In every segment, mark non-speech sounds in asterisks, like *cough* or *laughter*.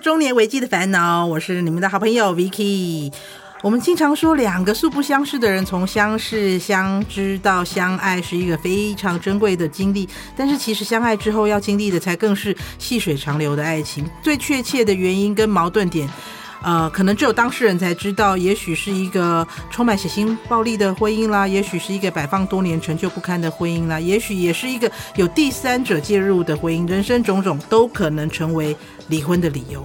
中年危機的煩惱，我是你們的好朋友 Vicky。我們經常說，兩個素不相識的人從相識、相知到相愛，是一個非常珍貴的經歷。但是，其實相愛之後要經歷的，才更是細水長流的愛情。最確切的原因跟矛盾點。呃，可能只有當事人才知道，也許是一個充滿血腥暴力的婚姻啦，也許是一個擺放多年陳舊不堪的婚姻啦，也許也是一個有第三者介入的婚姻，人生種種都可能成為離婚的理由。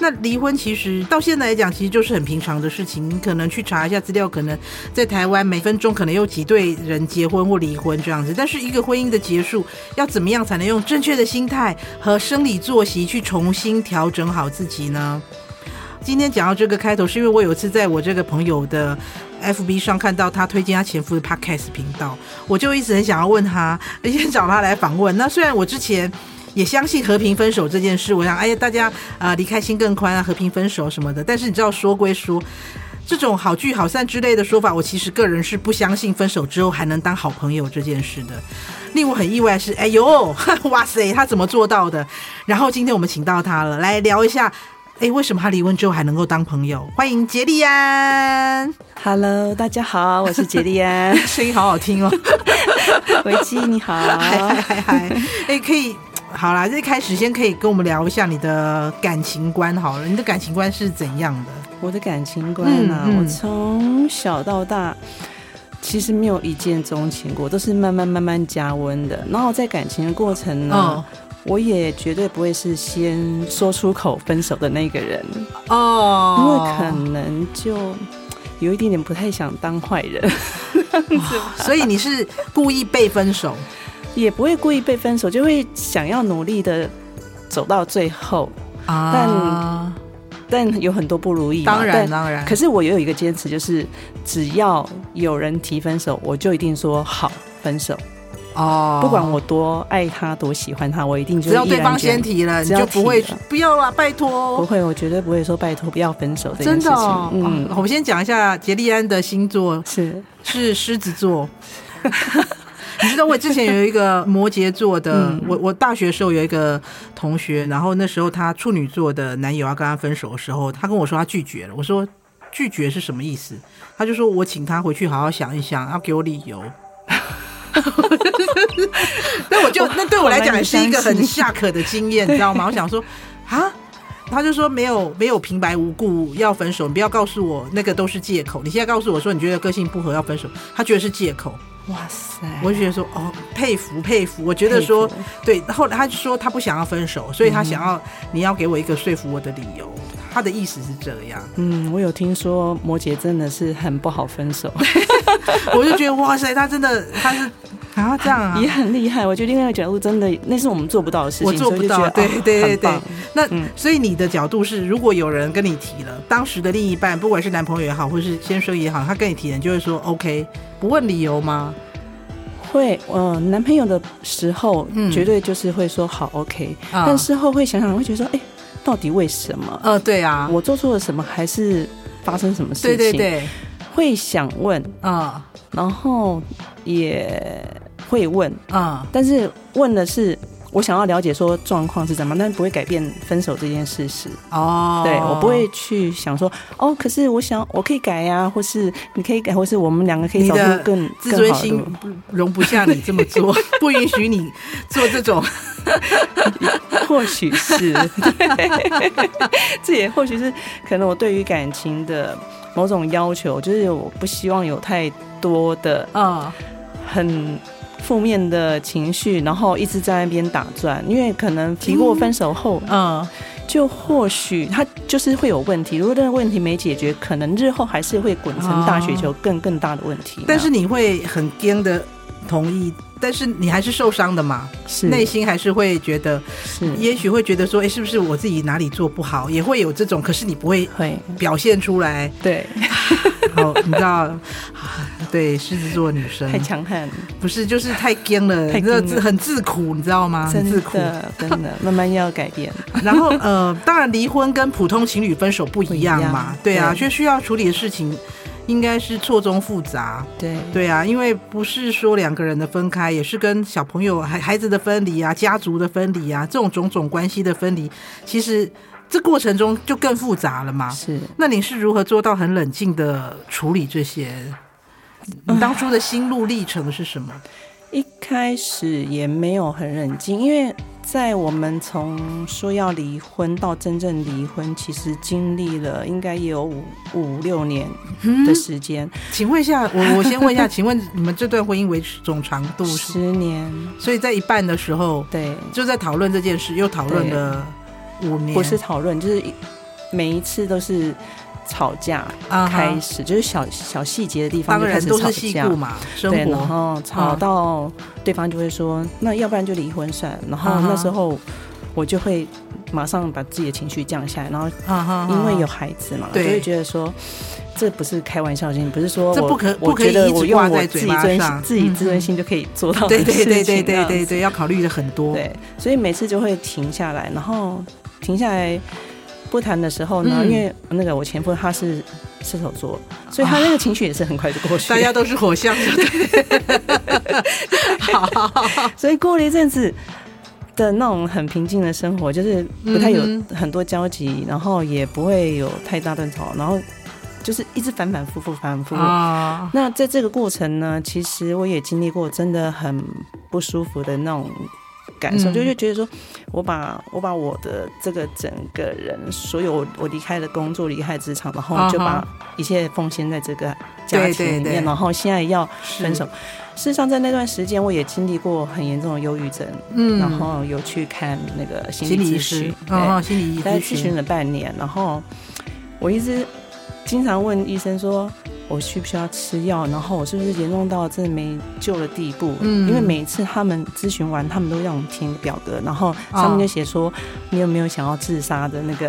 那離婚其實到現在來講，其實就是很平常的事情。你可能去查一下資料，可能在台灣每分鐘可能有幾對人結婚或離婚這樣子。但是一個婚姻的結束，要怎麼樣才能用正確的心態和生理作息去重新調整好自己呢？今天講到這個開頭，是因為我有一次在我這個朋友的 FB 上看到他推薦他前夫的 podcast 頻道，我就一直很想要問他，而且找他來訪問。那雖然我之前也相信和平分手這件事，我想哎呀，大家啊、呃，離開心更寬啊，和平分手什麼的。但是你知道，說歸說，這種好聚好散之類的說法，我其實個人是不相信分手之後還能當好朋友這件事的。令我很意外是，哎呦，哇塞，他怎麼做到的？然後今天我們請到他了，來聊一下。哎、欸，為什麼他離婚之後還能夠當朋友？歡迎杰利安，Hello，大家好，我是杰利安， *laughs* 聲音好好聽哦，維 *laughs* 姬你好，嗨嗨嗨欸，可以，好啦，一開始先可以跟我們聊一下你的感情觀好了，你的感情觀是怎樣的？我的感情觀呢、啊，嗯嗯、我從小到大其實沒有一見鍾情過，都是慢慢慢慢加溫的，然後在感情的過程呢。哦我也絕對不會是先說出口分手的那個人哦，因為、oh. 可能就有一點點不太想當壞人， *laughs* oh, 所以你是故意被分手， *laughs* 也不會故意被分手，就會想要努力的走到最後啊、uh.。但有很多不如意，當然當然。對當然，可是我也有一個堅持，就是只要有人提分手，我就一定說好分手。哦，不管我多愛他，多喜歡他，我一定就毅然決然，只要對方先提了，你就不會要不要啊，拜託，不會，我絕對不會說拜托不要分手真的、哦、嗯，我們先講一下杰利安的星座是是獅子座， *laughs* 你知道我之前有一個摩羯座的， *laughs* 我我大學時候有一個同學，然後那時候他處女座的男友要跟他分手的時候，他跟我說他拒絕了，我說拒絕是什麼意思？他就說我請他回去好好想一想，要、啊、給我理由。那 *laughs* *laughs* 我就那對我來講，也是一個很下可的經驗，你知道嗎？我想說，啊，他就說沒有沒有平白無故要分手，你不要告訴我那個都是借口。你現在告訴我說你覺得個性不合要分手，他覺得是借口。哇塞！我就覺得說，哦，佩服佩服。我覺得說，對。後來他就說他不想要分手，所以他想要、嗯、哼你要給我一個說服我的理由。他的意思是這樣。嗯，我有聽說摩羯真的是很不好分手。 *laughs* *laughs* 我就覺得哇塞，他真的他是啊這樣啊，也很厲害。我覺得另外一個角度，真的那是我們做不到的事情，我做不到。對對對、哦、對，對，對，那、嗯、所以你的角度是，如果有人跟你提了當時的另一半，不管是男朋友也好，或是先生也好，他跟你提你就會說 OK，不問理由嗎？會，嗯、呃，男朋友的時候絕對就是會說好，嗯、OK，但事後會想想，會覺得說哎、欸，到底為什麼？呃，對啊，我做錯了什麼，還是發生什麼事情？對對對。會想問啊，嗯、然後也會問啊，嗯、但是問的是我想要了解說狀況是怎麼，但是不會改變分手這件事實哦。對，我不會去想說哦，可是我想我可以改呀、啊，或是你可以改，或是我們兩個可以找出更，你的自尊心更好的容不下你這麼做， *laughs* 不允許你做這種。或許是這也或許是可能我對於感情的。某種要求，就是我不希望有太多的啊，很負面的情緒，然後一直在那邊打轉。因為可能提過分手後，嗯，嗯就或許他就是會有問題。如果這個問題沒解決，可能日後還是會滾成大雪球，更更大的問題。但是你會很煎的。同意，但是你還是受傷的嘛？是內心還是會覺得，是、嗯、也許會覺得說，哎、欸，是不是我自己哪裡做不好？也會有這種，可是你不會會表現出來。對、啊，好，你知道，啊、對獅子座女生太強悍，不是就是太堅了，了很自苦，你知道嗎？真的，自苦真的，慢慢要改變。 *laughs* 然後呃，當然離婚跟普通情侶分手不一樣嘛。樣對啊，這、啊、對需要處理的事情。應該是錯綜複雜，對對啊，因為不是說兩個人的分開，也是跟小朋友孩孩子的分離啊，家族的分離啊，這種種種關係的分離，其實這過程中就更複雜了嘛。是，那你是如何做到很冷靜的處理這些？嗯、你當初的心路歷程是什麼？一開始也沒有很冷靜，因為。在我們從說要離婚到真正離婚，其實經歷了應該也有五五六年的時間、嗯。請問一下，我我先問一下， *laughs* 請問你們這段婚姻維持總長度十年？所以在一半的時候，對，就在討論這件事，又討論了五年。不是討論，就是每一次都是。吵架開始、uh huh. 就是小小細節的地方就開始吵架，對，然後吵到對方就會說，uh huh. 那要不然就離婚算了。然後那時候我就會馬上把自己的情緒降下來，然後因為有孩子嘛，所以、uh huh. 覺得說對這不是開玩笑心，不是說這不可，我覺得我用我自己尊自己自尊心就可以做到的事情，uh huh. 對，對，對對對對對對，要考慮的很多，對，所以每次就會停下來，然後停下來。不談的時候呢，因為那個我前夫他是射手座，嗯、所以他那個情緒也是很快就過去的、啊。大家都是火象，所以過了一陣子的那種很平靜的生活，就是不太有很多交集，嗯嗯，然後也不會有太大的吵，然後就是一直反反复复，反反复复。啊、那在這個過程呢，其實我也經歷過真的很不舒服的那種。感受就就覺得說，嗯、我把我把我的這個整個人，所有我我離開了工作，離開職場，然後就把一切奉獻在這個家庭裡面，嗯、對對對，然後現在要分手。是事實上，在那段時間，我也經歷過很嚴重的憂鬱症，嗯、然後有去看那個心理諮詢，對、嗯，心理諮詢，大概諮詢了半年，然後我一直經常問醫生說。我需不需要吃藥？然後我是不是嚴重到真的沒救的地步？嗯，因為每一次他們諮詢完，他們都讓我們填表格，然後上面就寫說、哦、你有沒有想要自殺的那個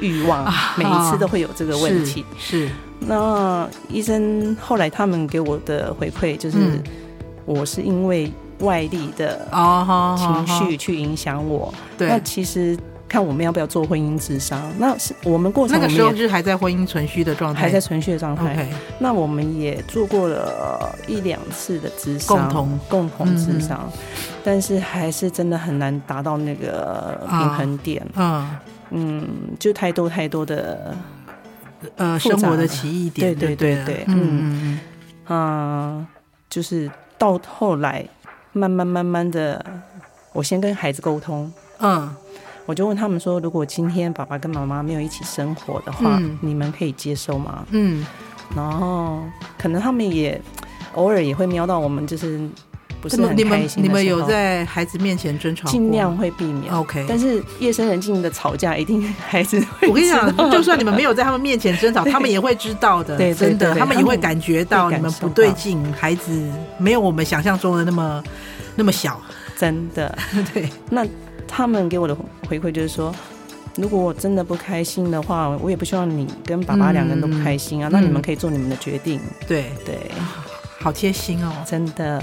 慾望？啊、每一次都會有這個問題。啊啊啊、是，是那醫生後來他們給我的回饋就是，嗯、我是因為外力的哦情緒去影響我。哦、對，那其實。看我們要不要做婚姻諮商？那我們過程們還那個時候是還在婚姻存續的狀態，還在存續的狀態。那我們也做過了一兩次的諮商，共同共同諮商，嗯嗯，但是還是真的很難達到那個平衡點。啊、嗯，嗯，就太多太多的呃生活的奇異點，對對對對，對啊、嗯嗯，嗯，嗯，就是到後來慢慢慢慢的，我先跟孩子溝通，嗯。我就問他們說，如果今天爸爸跟媽媽沒有一起生活的話，嗯、你們可以接受嗎？嗯，然後可能他們也偶爾也會瞄到我們，就是不是很開心。嗯嗯、你們你們有在孩子面前爭吵？盡量會避免。OK，但是夜深人靜的吵架，一定孩子會。我跟你講，就算你們沒有在他們面前爭吵， *laughs* 對他們也會知道的。對，對，對，對，對，真的，他們也會感覺到你們不對勁。孩子沒有我們想象中的那麼那麼小，真的。 *laughs* 對，那。他們給我的回饋就是說，如果我真的不開心的話，我也不希望你跟爸爸兩個人都不開心啊。嗯、那你們可以做你們的決定。對對，對好貼心哦，真的。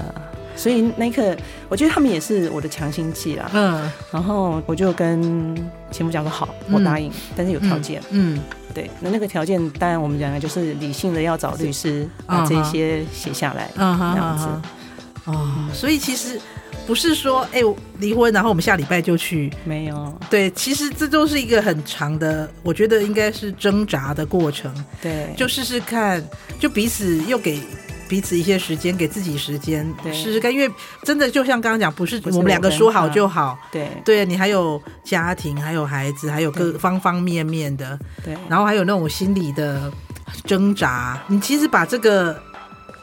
所以那一刻，我覺得他們也是我的強心劑啦。嗯，然後我就跟前夫講說，好，我答應，嗯、但是有條件嗯。嗯，對，那那個條件當然我們講的就是理性的，要找律師、uh、huh，把這些寫下來，這樣子。Uh huh, uh huh 哦，所以其實不是說哎，離婚，然後我們下禮拜就去沒有？對，其實這都是一個很長的，我覺得應該是掙扎的過程。對，就試試看，就彼此又給彼此一些時間，給自己時間，對，試試看。因為真的就像剛剛講，不是我們兩個說好就好。對，對你還有家庭，還有孩子，還有各方方面面的。對，然後還有那種心理的掙扎。你其實把這個。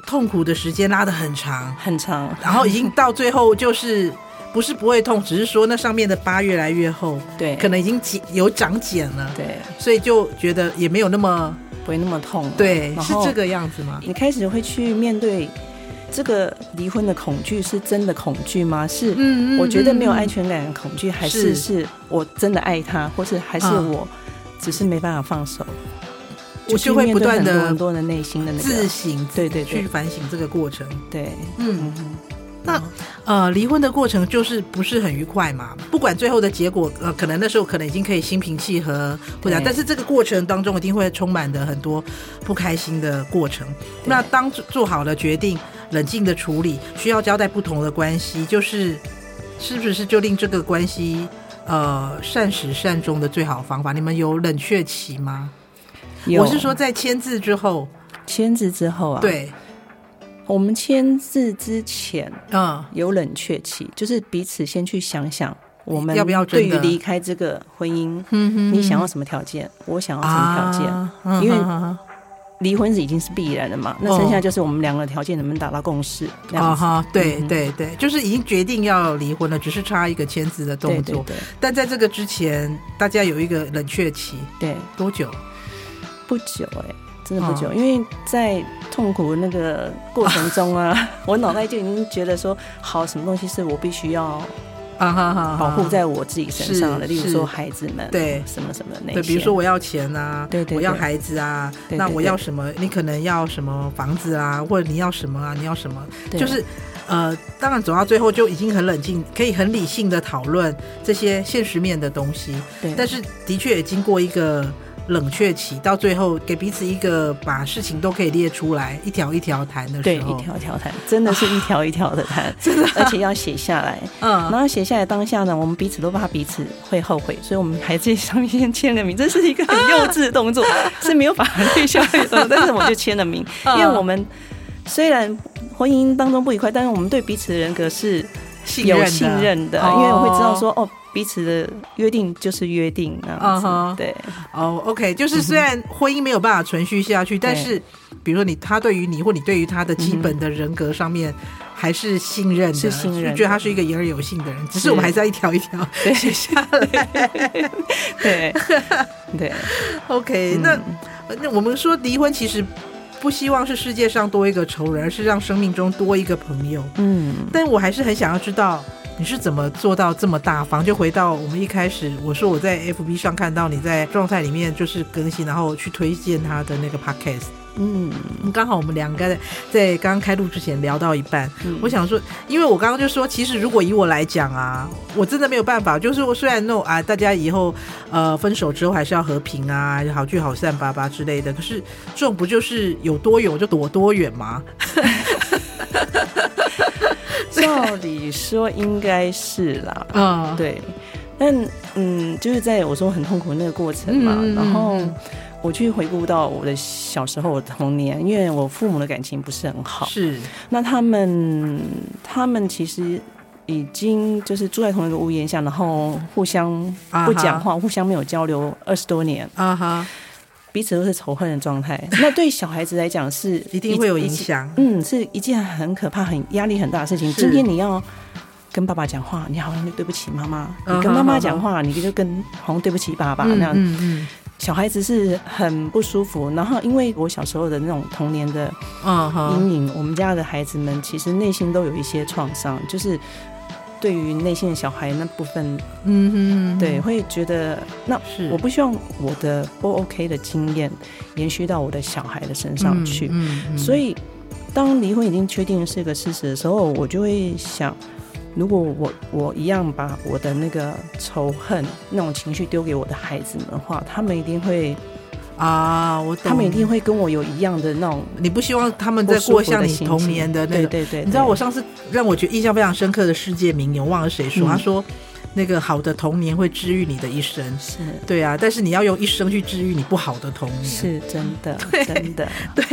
痛苦的時間拉得很長，很長，然後已經到最後，就是不是不會痛， *laughs* 只是說那上面的疤越來越厚，對，可能已經有長繭了，對，所以就覺得也沒有那麼不會那麼痛，對，後是這個樣子嗎？你開始會去面對這個離婚的恐懼，是真的恐懼嗎？是，我覺得沒有安全感的恐懼，還是是我真的愛他，是或是還是我只是沒辦法放手。啊 *laughs* 我就會不斷的很多的內心的自省，對對，去反省這個過程，對，嗯，那呃，離婚的過程就是不是很愉快嘛？不管最後的結果，呃，可能那時候可能已經可以心平氣和，不然，但是這個過程當中一定會充滿的很多不開心的過程。那當做好了決定，冷靜的處理，需要交代不同的關係，就是是不是就令這個關係呃善始善終的最好方法？你們有冷卻期嗎？我是說，在簽字之後，簽字之後啊，對，我們簽字之前，嗯，有冷卻期，就是彼此先去想想，我們要不要對於離開這個婚姻，你想要什麼條件，我想要什麼條件，因為離婚是已經是必然的嘛，那剩下就是我們兩個條件能不能達到共識？啊哈，對對對，就是已經決定要離婚了，只是差一個簽字的動作。對。但在這個之前，大家有一個冷卻期，對，多久？不久哎、欸，真的不久，嗯、因為在痛苦的那個過程中啊，啊我腦袋就已經覺得說，好，什麼東西是我必須要啊，保護在我自己身上的？啊、哈哈哈例如說孩子們，對，什麼什麼那些，對，比如說我要錢啊，對，對對，我要孩子啊，對對對，那我要什麼？你可能要什麼房子啊，或者你要什麼啊？你要什麼？對，就是，呃，當然走到最後就已經很冷靜，可以很理性的討論這些現實面的東西，對，但是的確也經過一個。冷卻期到最後，給彼此一個把事情都可以列出來，一條一條談的時候，對，一條一條談，真的是一條一條的談， *laughs* 真的嗎而且要寫下來，嗯，然後寫下來當下呢，我們彼此都怕彼此會後悔，所以我們還在上面先簽了名，這是一個很幼稚的動作，啊、是沒有法律效力的， *laughs* 但是我就簽了名，嗯、因為我們雖然婚姻當中不愉快，但是我們對彼此的人格是有信任的，信任的哦、因為我會知道說哦。彼此的約定就是約定啊，對，哦，OK，就是雖然婚姻沒有辦法存續下去，但是比如說你他對於你或你對於他的基本的人格上面還是信任，是信任，就覺得他是一個言而有信的人，只是我們還在一條一條寫下來，對對，OK，那那我們說離婚其實不希望是世界上多一個仇人，而是讓生命中多一個朋友，嗯，但我還是很想要知道。你是怎麼做到這麼大方？反正就回到我們一開始，我說我在 FB 上看到你在狀態裡面就是更新，然後去推薦他的那個 Podcast。嗯，剛、嗯、好我們兩個在在剛剛開錄之前聊到一半，嗯、我想說，因為我剛剛就說，其實如果以我來講啊，我真的沒有辦法，就是我雖然 no 啊，大家以後呃分手之後還是要和平啊，好聚好散巴巴之類的。可是這種不就是有多遠我就躲多遠嗎？ *laughs* 照理 *laughs* 說應該是啦，oh. 對，但嗯，就是在我說很痛苦的那個過程嘛，mm hmm. 然後我去回顧到我的小時候，我童年，因為我父母的感情不是很好，是，那他們他們其實已經就是住在同一個屋檐下，然後互相不講話，uh huh. 互相沒有交流二十多年，啊哈、uh。Huh. 彼此都是仇恨的狀態，那對小孩子來講是一， *laughs* 一定會有影響，嗯，是一件很可怕、很壓力很大的事情。是今天你要跟爸爸講話，你好像就對不起媽媽；uh huh. 你跟媽媽講話，你就跟好像對不起爸爸、uh huh. 那樣。嗯嗯、uh huh. 小孩子是很不舒服。然後，因為我小時候的那種童年的陰影，uh huh. 我們家的孩子們其實內心都有一些創傷，就是。對於內心的小孩那部分，嗯哼，嗯哼，對，會覺得那，是我不希望我的不 OK 的經驗延續到我的小孩的身上去，嗯嗯嗯，所以當離婚已經確定是一個事實的時候，我就會想，如果我我一樣把我的那個仇恨那種情緒丟給我的孩子們的話，他們一定會。啊，我他們一定會跟我有一樣的那種的。你不希望他們再過像你童年的那個。對對，對對對。你知道我上次讓我覺得印象非常深刻的世界名言，我忘了誰說，嗯，他說那個好的童年會治癒你的一生，是，對啊。但是你要用一生去治癒你不好的童年，是真的，真的，對。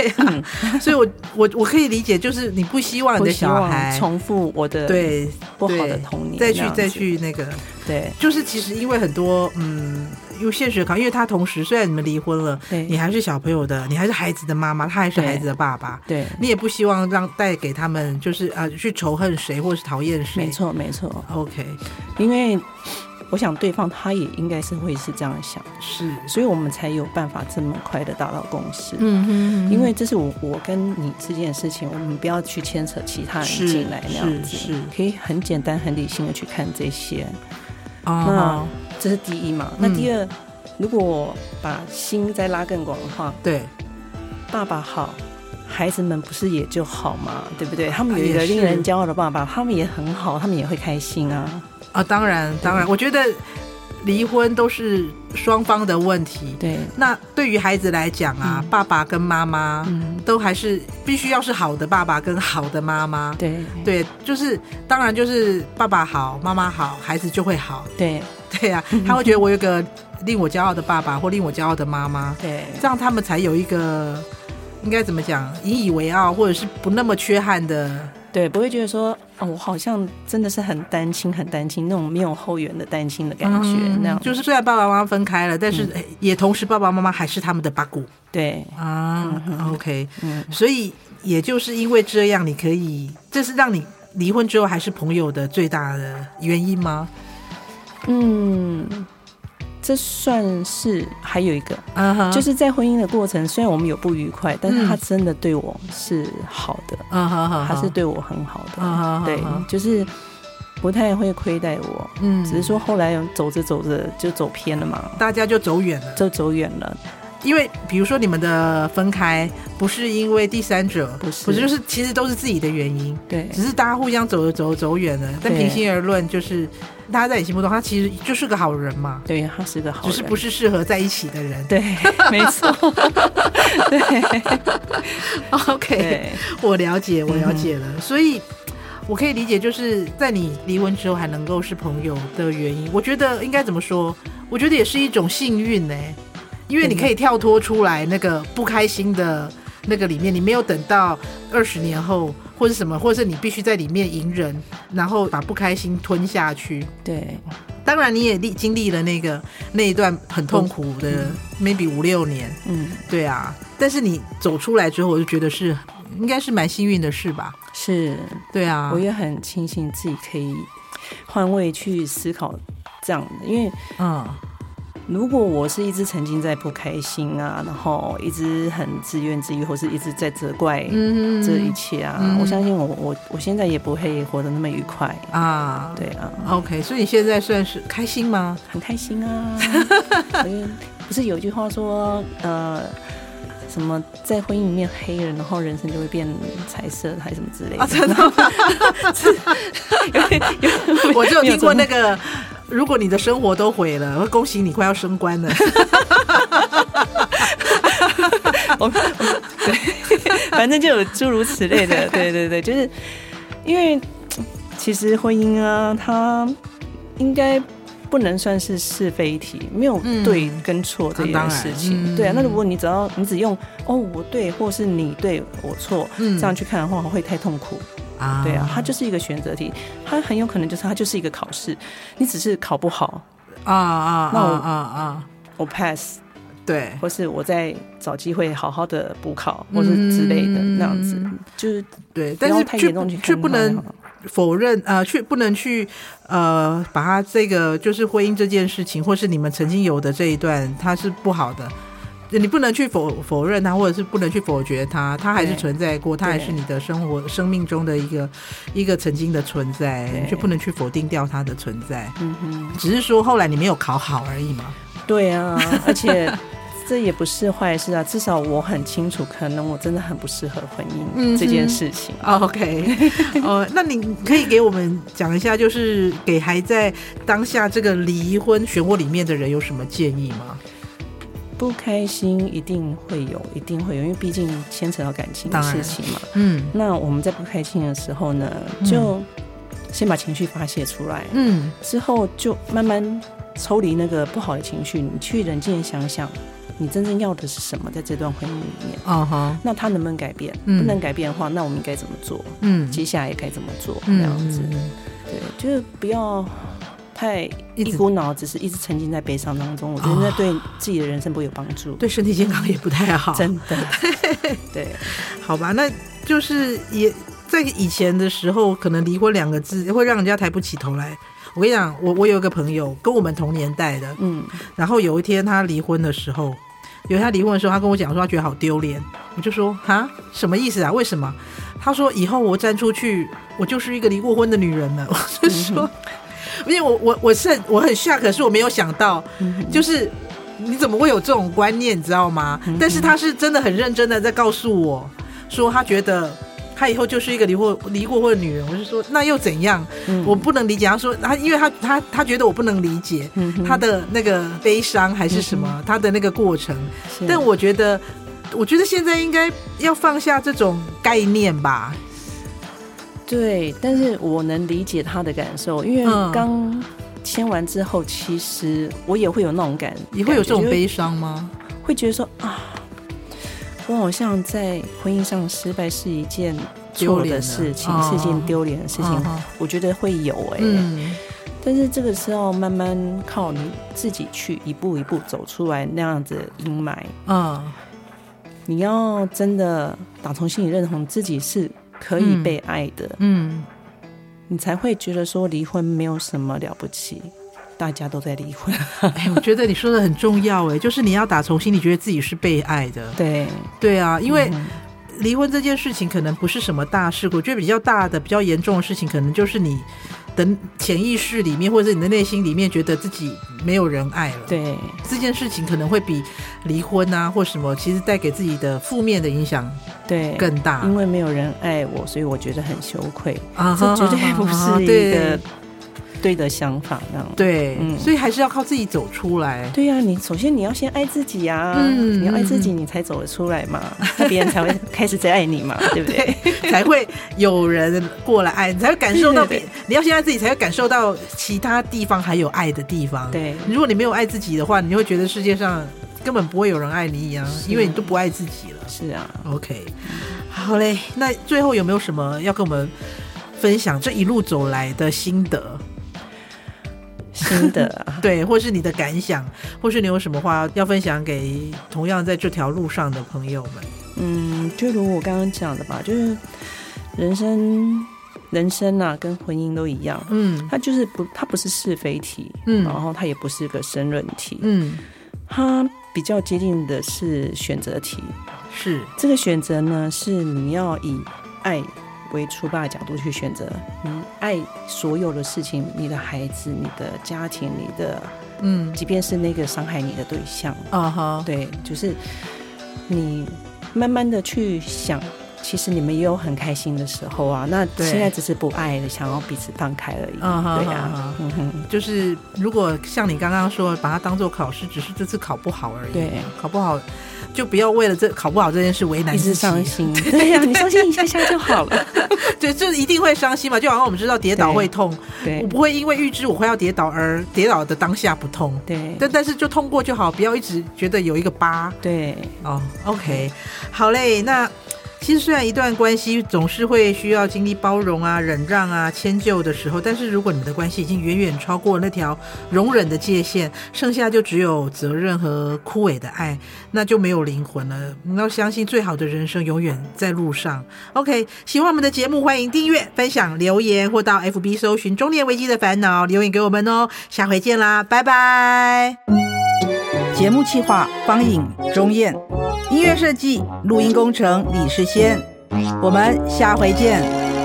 所以我我我可以理解，就是你不希望你的小孩重複我的對不好的童年，再去再去那個，對，就是其實因為很多嗯。用現實考，因為他同時，雖然你們離婚了，對你還是小朋友的，你還是孩子的媽媽，他還是孩子的爸爸，對，對你也不希望讓帶給他們，就是啊、呃，去仇恨誰或是討厭誰。沒錯，沒錯 Okay。OK，因為我想對方他也應該是會是這樣想的，是，所以我們才有辦法這麼快的達到共識。嗯嗯，因為這是我我跟你之間的事情，我們不要去牽扯其他人進來那樣子，是是是，可以很簡單很理性的去看這些啊。哦這是第一嘛，那第二，嗯、如果我把心再拉更廣的話，對，爸爸好，孩子們不是也就好嘛？對不對？他們有一個令人驕傲的爸爸，他們也很好，他們也會開心啊！啊，當然，當然，對我覺得離婚都是雙方的問題。對，那對於孩子來講啊，嗯、爸爸跟媽媽都還是必須要是好的爸爸跟好的媽媽。對，對，就是當然就是爸爸好，媽媽好，孩子就會好。對。 *laughs* 對呀、啊，他會覺得我有一個令我驕傲的爸爸或令我驕傲的媽媽，對，這樣他們才有一個應該怎麼講引以為傲，或者是不那麼缺憾的。對，不會覺得說哦，我好像真的是很單親，很單親那種沒有後援的單親的感覺。嗯、那樣就是，雖然爸爸媽媽分開了，但是也同時爸爸媽媽還是他們的八股。對啊嗯，哼，OK，嗯，所以也就是因為這樣，你可以，這是讓你離婚之後還是朋友的最大的原因嗎？嗯，這算是還有一個，uh huh. 就是在婚姻的過程，雖然我們有不愉快，但是他真的對我是好的，啊、uh huh huh huh. 他是對我很好的，uh huh huh huh. 對，就是不太會虧待我，嗯、uh，huh huh. 只是說後來走着走着就走偏了嘛，大家就走遠了，就走遠了。因為比如說你們的分開不是因為第三者，不是，不是就是其實都是自己的原因。對，只是大家互相走著走著走遠了。對但平心而論，就是他在你心目中，他其實就是個好人嘛。對，他是個好人，只是不是適合在一起的人。對，沒錯。 *laughs* *laughs* 對。OK，對我了解，我了解了。嗯、所以，我可以理解，就是在你離婚之後還能夠是朋友的原因，我覺得應該怎麼說？我覺得也是一種幸運呢、欸。因為你可以跳脫出來那個不開心的那個裡面，你沒有等到二十年後或者什麼，或者是你必須在裡面隱忍，然後把不開心吞下去。對，當然你也歷經歷了那個那一段很痛苦的、嗯、maybe 五六年。嗯，對啊，但是你走出來之後，我就覺得是應該是蠻幸運的事吧。是，對啊，我也很慶幸自己可以換位去思考這樣的，因為嗯。如果我是一直沉浸在不開心啊，然後一直很自怨自艾，或是一直在責怪這一切啊，嗯嗯、我相信我我我現在也不會活得那麼愉快啊。對啊，OK，所以你現在算是開心嗎？很開心啊。 *laughs* 不是有一句話說，呃，什麼在婚姻裡面黑人，然後人生就會變彩色，還是什麼之類的？啊、真的嗎 *laughs* 有有，我就聽過那個。如果你的生活都毀了，恭喜你快要升官了。 *laughs* 我們對，反正就有諸如此類的，對對對，就是因為其實婚姻啊，它應該不能算是是非題，沒有對跟錯這件事情。嗯嗯、對啊，那如果你只要你只用哦，我對或是你對我錯這樣去看的話，我會太痛苦。啊，對啊，他就是一個選擇題，他很有可能就是他就是一個考試，你只是考不好啊啊，啊，啊啊，那我啊，啊啊，我 pass，對，或是我在找機會好好的補考，或是之類的那樣子，嗯、就是對，但是卻卻不能否認，呃，卻不能去呃，把他這個就是婚姻這件事情，或是你們曾經有的這一段，他、嗯、是不好的。你不能去否否認他，或者是不能去否決他，他還是存在過，對他還是你的生活對生命中的一個一個曾經的存在，對你卻不能去否定掉他的存在。對只是說後來你沒有考好而已嘛。對啊， *laughs* 而且這也不是壞事啊，至少我很清楚，可能我真的很不適合婚姻，嗯、哼這件事情。OK， *laughs* 呃、那你可以給我們講一下，就是給還在當下這個離婚漩渦裡面的人有什麼建議嗎？不開心一定會有，一定會有，因為畢竟牽扯到感情的事情嘛。嗯，那我們在不開心的時候呢，嗯、就先把情緒發洩出來。嗯，之後就慢慢抽離那個不好的情緒，你去冷靜想想，你真正要的是什麼，在這段婚姻裡面。哦吼那他能不能改變？嗯、不能改變的話，那我們應該怎麼做？嗯，接下來也該怎麼做？這樣子，嗯嗯對，就是不要。太一股腦，只是一直沉浸在悲傷當中，哦、我覺得那對自己的人生不會有幫助，對身體健康也不太好。 *laughs* 真的，對， *laughs* 好吧，那就是也在以前的時候，可能離婚兩個字也會讓人家抬不起頭來。我跟你講，我我有一個朋友跟我們同年代的，嗯，然後有一天他離婚的時候，有他離婚的時候，他跟我講說他覺得好丟臉，我就說哈，什麼意思啊？為什麼？他說以後我站出去，我就是一個離過婚的女人了。我就說。嗯因為我我我是很我很嚇，可是我沒有想到，就是你怎麼會有這種觀念，你知道嗎？嗯、哼但是他是真的很認真的在告訴我，說他覺得他以後就是一個離婚，離過婚的女人。我是說，那又怎樣？嗯、我不能理解。他說他因為他他他覺得我不能理解他的那個悲傷還是什麼，嗯、哼他的那個過程。的但我覺得，我覺得現在應該要放下這種概念吧。對，但是我能理解他的感受，因為剛簽完之後，嗯、其實我也會有那種感，你會有這種悲傷嗎？會，會覺得說啊，我好像在婚姻上失敗是一件錯的事情，哦、是一件丟臉的事情。嗯、我覺得會有哎、欸，嗯、但是這個是要慢慢靠你自己去一步一步走出來那樣子陰霾啊。嗯、你要真的打從心裡認同自己是可以被愛的，嗯，嗯你才會覺得說離婚沒有什麼了不起，大家都在離婚。哎、 *laughs* 欸，我覺得你說的很重要、欸，哎，就是你要打從心裡覺得自己是被愛的。對，對啊，因為離婚這件事情可能不是什麼大事故，嗯、我覺得比較大的、比較嚴重的事情，可能就是你的潛意識裡面或者你的內心裡面覺得自己沒有人愛了。對，這件事情可能會比離婚啊或什麼，其實帶給自己的負面的影響。對，更大。因為沒有人愛我，所以我覺得很羞愧。啊，這絕對不是一個對的想法，這樣。對，嗯，所以還是要靠自己走出來。對呀，你首先你要先愛自己呀，嗯，你要愛自己，你才走得出來嘛，別人才會開始在愛你嘛，對不對？才會有人過來愛你，才會感受到別，你要先愛自己，才會感受到其他地方還有愛的地方。對，如果你沒有愛自己的話，你就會覺得世界上，根本不會有人愛你一、啊、樣，啊、因為你都不愛自己了。是啊，OK，好嘞。那最後有沒有什麼要跟我們分享這一路走來的心得？心得、啊、 *laughs* 對，或是你的感想，或是你有什麼話要分享給同樣在這條路上的朋友們？嗯，就如我剛剛講的吧，就是人生，人生吶、啊，跟婚姻都一樣。嗯，它就是不，它不是是非題，嗯，然後它也不是個申論題，嗯。它比較接近的是選擇題，是這個選擇呢，是你要以愛為出發角度去選擇，你愛所有的事情，你的孩子，你的家庭，你的嗯，即便是那個傷害你的對象啊哈，嗯、對，就是你慢慢的去想。其實你們也有很開心的時候啊，那現在只是不愛了，想要彼此放開而已，對呀，就是如果像你剛剛說，把它當做考試，只是這次考不好而已，對，考不好就不要為了這考不好這件事為難，一直傷心，對呀，你傷心一下下就好了，對，就一定會傷心嘛，就好像我們知道跌倒會痛，對，我不會因為預知我會要跌倒而跌倒的當下不痛，對，但但是就通過就好，不要一直覺得有一個疤，對，哦，OK，好嘞，那。其實，雖然一段關係總是會需要經歷包容啊、忍讓啊、遷就的時候，但是如果你們的關係已經遠遠超過那條容忍的界限，剩下就只有責任和枯萎的愛，那就沒有靈魂了。你要相信，最好的人生永遠在路上。OK，喜歡我們的節目，歡迎訂閱、分享、留言或到 FB 搜尋《中年危機的煩惱》留言給我們哦。下回見啦，拜拜。節目計劃方穎、鍾燕，音樂設計、錄音工程李世先，我們下回見。